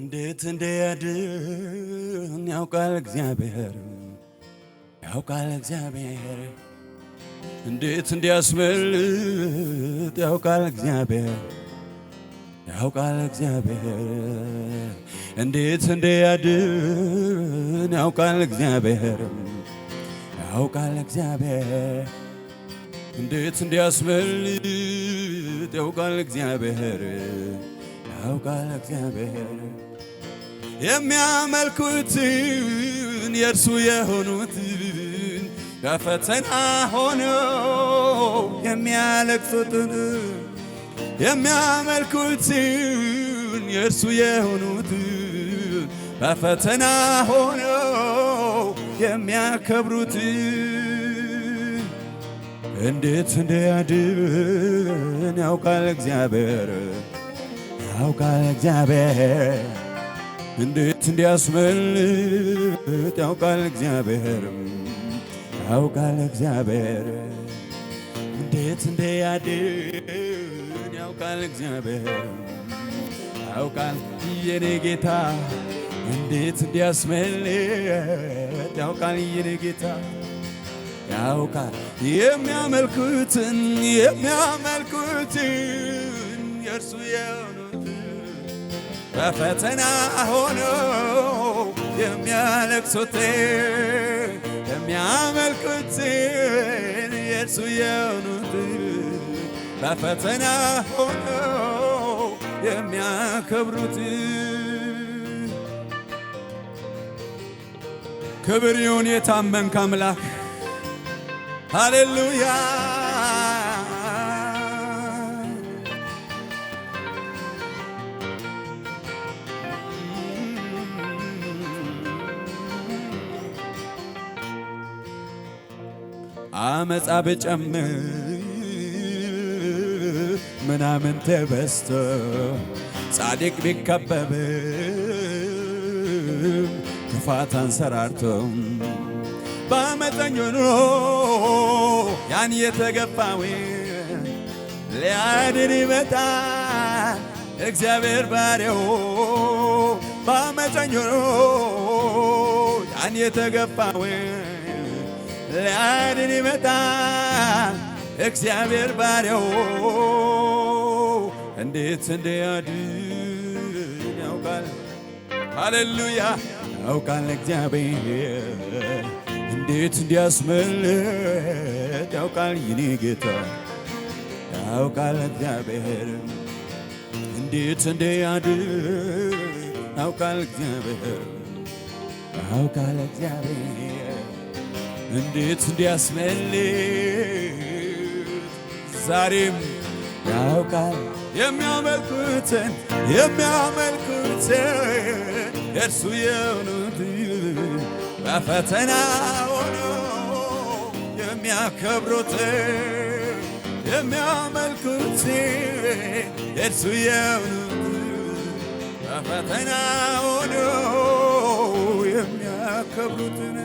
እንዴት እንደያድን ያውቃል እግዚአብሔር ያውቃል እግዚአብሔር እንዴት እንዲያስመልጥ ያውቃል እግዚአብሔር ያውቃል እግዚአብሔር እንዴት እንደያድን ያውቃል እግዚአብሔር ያውቃል እግዚአብሔር እንዴት እንዲያስመልጥ ያውቃል እግዚአብሔር ያውቃል እግዚአብሔር የሚያመልኩትን የእርሱ የሆኑትን በፈተና ሆነው የሚያለቅሱትን የሚያመልኩትን የእርሱ የሆኑትን በፈተና ሆነው የሚያከብሩትን እንዴት እንዲያድን ያውቃል እግዚአብሔር ያውቃል እግዚአብሔር እንዴት እንዲያስመልጥ ያውቃል እግዚአብሔር ያውቃል እግዚአብሔር እንዴት እንዲያድን ያውቃል እግዚአብሔር ያውቃል የኔ ጌታ እንዴት እንዲያስመልጥ ያውቃል የኔ ጌታ ያውቃል የሚያመልኩትን የሚያመልኩትን የእርሱ በፈተና ሆነው የሚያለቅሱትን የሚያመልኩትን የእርሱ በፈተና ሆነው የሚያከብሩት ክብር ይሁን የታመንክ አምላክ ሃሌሉያ አመፃ ብጨምር ምናምን ተበስቶ ጻድቅ ቢከበብ ክፋት አንሰራርቶ በአመፀኞ ኑሮ ያን የተገፋዊ ሊያድን ይመጣ እግዚአብሔር ባሪያው በአመፀኞ ኑሮ ያን የተገፋዊ ሊያድን ይመጣ እግዚአብሔር ባሪያው እንዴት እንዲያድን ያውቃል። ሃሌሉያ ያውቃል እግዚአብሔር እንዴት እንዲያስመልጥ ያውቃል ይኔ ጌታ ያውቃል እግዚአብሔር እንዴት እንዲያድን ያውቃል እግዚአብሔር ያውቃል እግዚአብሔር እንዴት እንዲያስመልጥ ዛሬም ያውቃል የሚያመልኩትን የሚያመልኩትን እርሱ የሆኑት በፈተና ሆኖ የሚያከብሩትን የሚያመልኩትን እርሱ የሆኑት በፈተና ሆኖ የሚያከብሩትን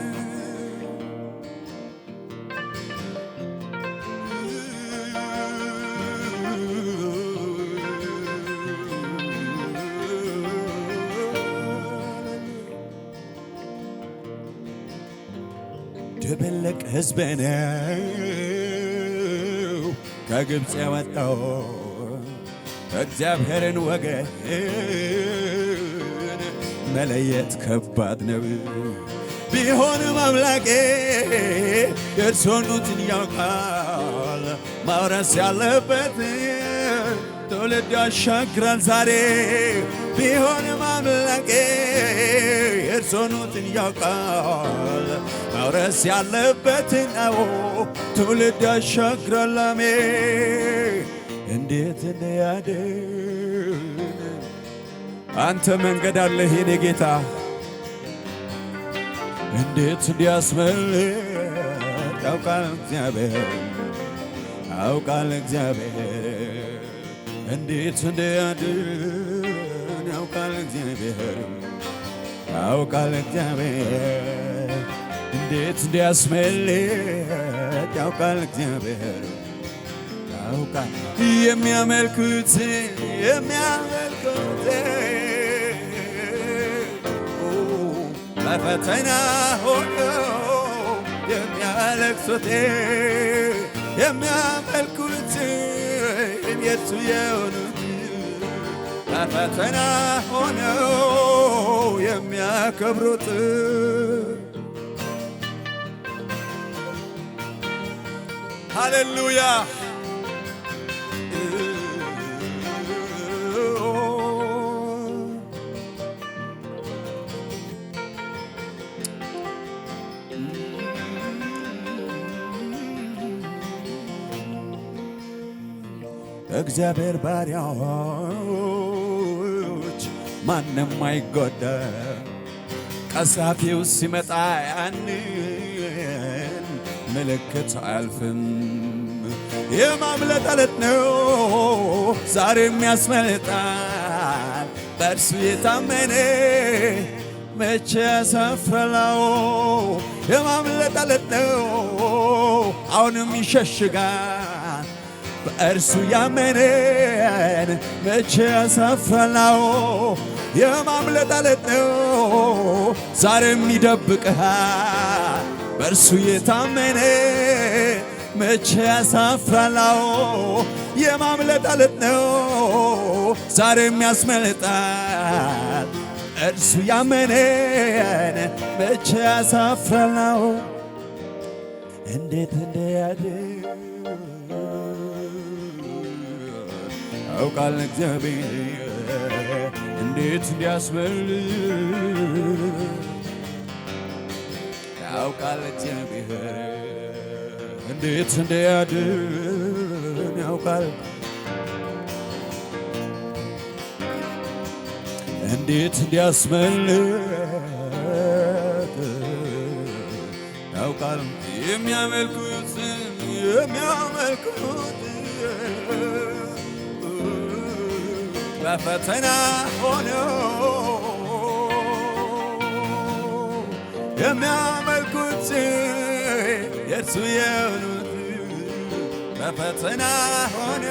ድብልቅ ህዝብ ነው ከግብፅ ያወጣው እግዚአብሔርን ወገን መለየት ከባድ ነው። ቢሆንም አምላኬ የእርሶኑትን ያውቃል። ማውረስ ያለበት ትውልድ ያሻግራል ዛሬ ቢሆንም አምላኬ የዞኑትን ያውቃል መውረስ ያለበትን ነው ትውልድ ያሻግራል። እንዴት እንያድን አንተ መንገድ አለህ የኔ ጌታ እንዴት እንዲያስመልጥ ያውቃል እግዚአብሔር ያውቃል እግዚአብሔር እንዴት እንዲያድን ያውቃል እግዚአብሔር ያውቃል እግዚአብሔር እንዴት እንዲያስመልጥ ያውቃል እግዚአብሔር ያውቃል የሚያመልኩት የሚያመልኩት በፈተና ሁሉ የሚያለቅሱት የሚያመልኩት የቱ የሆኑት በፈተና ሆነው የሚያከብሩት ሃሌሉያ እግዚአብሔር ባሪያዋ ማንም አይጎዳ። ቀሳፊው ሲመጣ ያን ምልክት አያልፍም። የማምለጥ አለት ነው ዛሬም ያስመልጣል። በእርሱ የታመነ መቼ ያሳፈላው። የማምለጥ አለት ነው አሁንም ይሸሽጋል። በእርሱ ያመነን መቼ ያሳፈላው የማምለጥ አለት ነው ዛሬም ይደብቅሃል። በእርሱ የታመነ መቼ ያሳፍራላው የማምለጥ አለት ነው ዛሬም ያስመልጣል። እርሱ ያመነን መቼ ያሳፍራላው እንዴት እንደያድር አውቃል እግዚአብሔር እንዴት እንዲያስበልጥ ያውቃል እግዚአብሔር እንዴት እንዲያድን ያውቃል እንዴት እንዲያስመል ያውቃል የሚያመልኩትን የሚያመልኩት ለፈተና ሆኖ የሚያመልኩት የእርሱ የሆኑት ለፈተና ሆኖ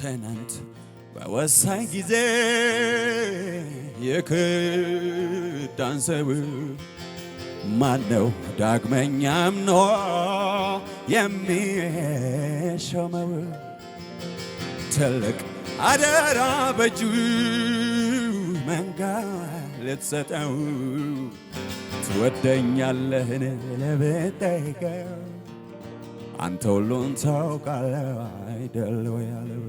ትናንት በወሳኝ ጊዜ የክዳን ሰብ ማነው ዳግመኛም አምኖ የሚሾመው? ትልቅ አደራ በእጁ መንጋ ልትሰጠው ትወደኛለህን ለብጠይቀው አንተ ሁሉን ታውቃለህ አይደል ወይ ያለው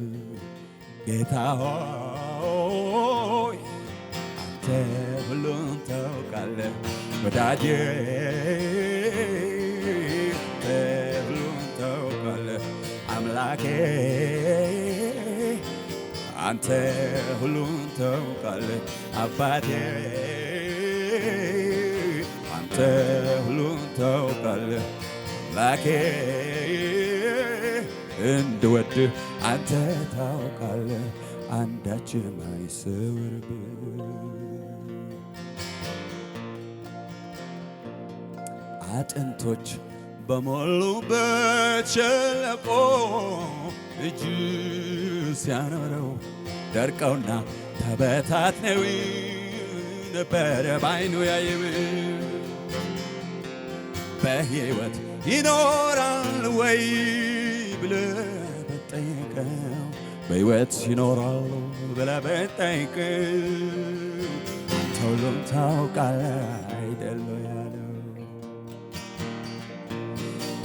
ጌታ ሆይ አንተ ሁሉን ታውቃለህ ወዳጄ ሁሉን ታውቃለህ አምላኬ አንተ ሁሉን ታውቃለህ አባቴ አንተ ሁሉን ታውቃለህ አምላኬ እንድወድህ አንተ ታውቃለህ፣ አንዳችም አይሰወርብህ። አጥንቶች በሞሉበት ሸለቆ እጅ ሲያኖረው ደርቀውና ተበታትነው ነበረ ባይኑ ያየው በሕይወት ይኖራል ወይ ብለህ ብትጠይቀው በሕይወት ይኖራል ብለህ ብትጠይቀው አንተ ሁሉን ታውቃለህ ያለው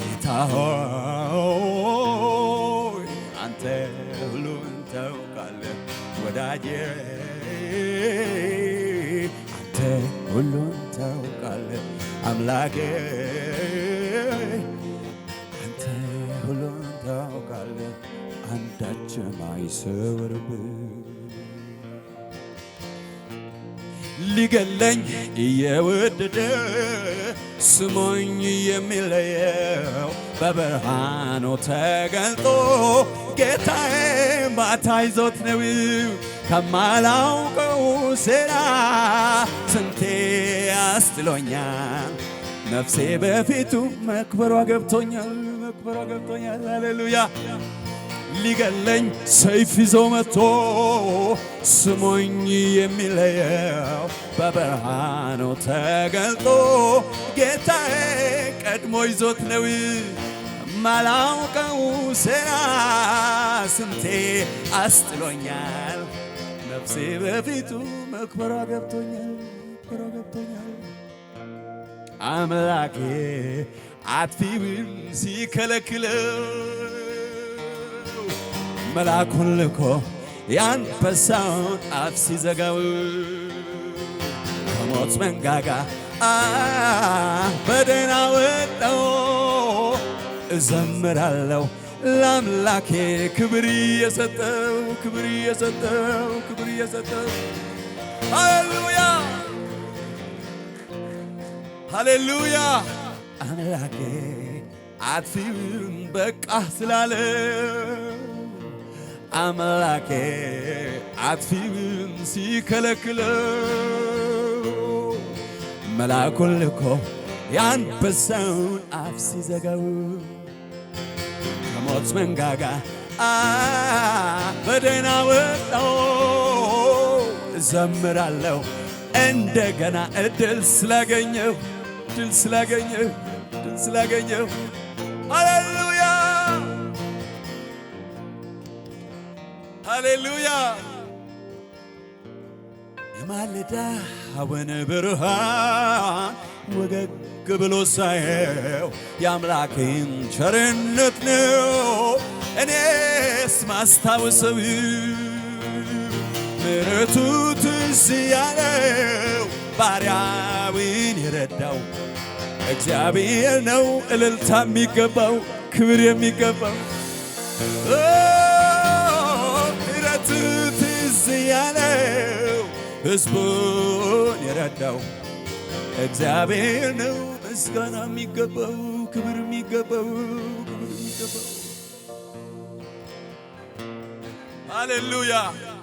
ጌታ ሆይ አንተ ሁሉን ታውቃለህ ወዳጄ አንተ ሁሉን ታውቃለህ አምላኬ የማይሰብርብ ሊገለኝ እየወደደ ስሞኝ የሚለየው በብርሃኑ ተገልጦ ጌታዬ ማታ ይዞት ነው ከማላውቀው ሴራ ስንቴ አስጥሎኛል ነፍሴ በፊቱ መክበሯ ገብቶኛል መክበሯ ገብቶኛል አሌሉያ ሊገለኝ ሰይፍ ይዞ መጥቶ ስሙኝ የሚለየው በብርሃኑ ተገልጦ ጌታዬ ቀድሞ ይዞት ነው። ማላውቀው ሴራ ስንቴ አስጥሎኛል። ነፍሴ በፊቱ መክበሯ ገብቶኛል መክበሯ ገብቶኛል። አምላኬ አትፊብል ሲከለክለው መልአኩን ልኮ የአንበሳውን አፍ ሲዘጋው ከሞት መንጋጋ በደህና ወጣው። እዘምራለሁ ለአምላኬ ክብር የሰጠው ክብር የሰጠው ክብር የሰጠው ሃሌሉያ ሃሌሉያ አምላኬ አትፍርም በቃ ስላለ አምላኬ አጥፊብን ሲከለክለው መላኩን ልኮ የአንበሳውን አፍ ሲዘጋው ከሞት መንጋጋ በደህና ወጣው። እዘምራለሁ እንደገና እድል ስላገኘሁ ድል ስላገኘሁ ድል ስላገኘሁ ሃሌሉያ ሃሌሉያ የማለዳ አወነ ብርሃን ወገግ ብሎ ሳየው የአምላኬን ቸርነት ነው እኔስ ማስታወሰው ምሕረቱ ትዝ ያለው ባሪያውን የረዳው እግዚአብሔር ነው እልልታ የሚገባው ክብር የሚገባው ሞት ትዝ ያለው ህዝቡን የረዳው እግዚአብሔር ነው። ምስጋና የሚገባው ክብር የሚገባው ክብር የሚገባው ሃሌሉያ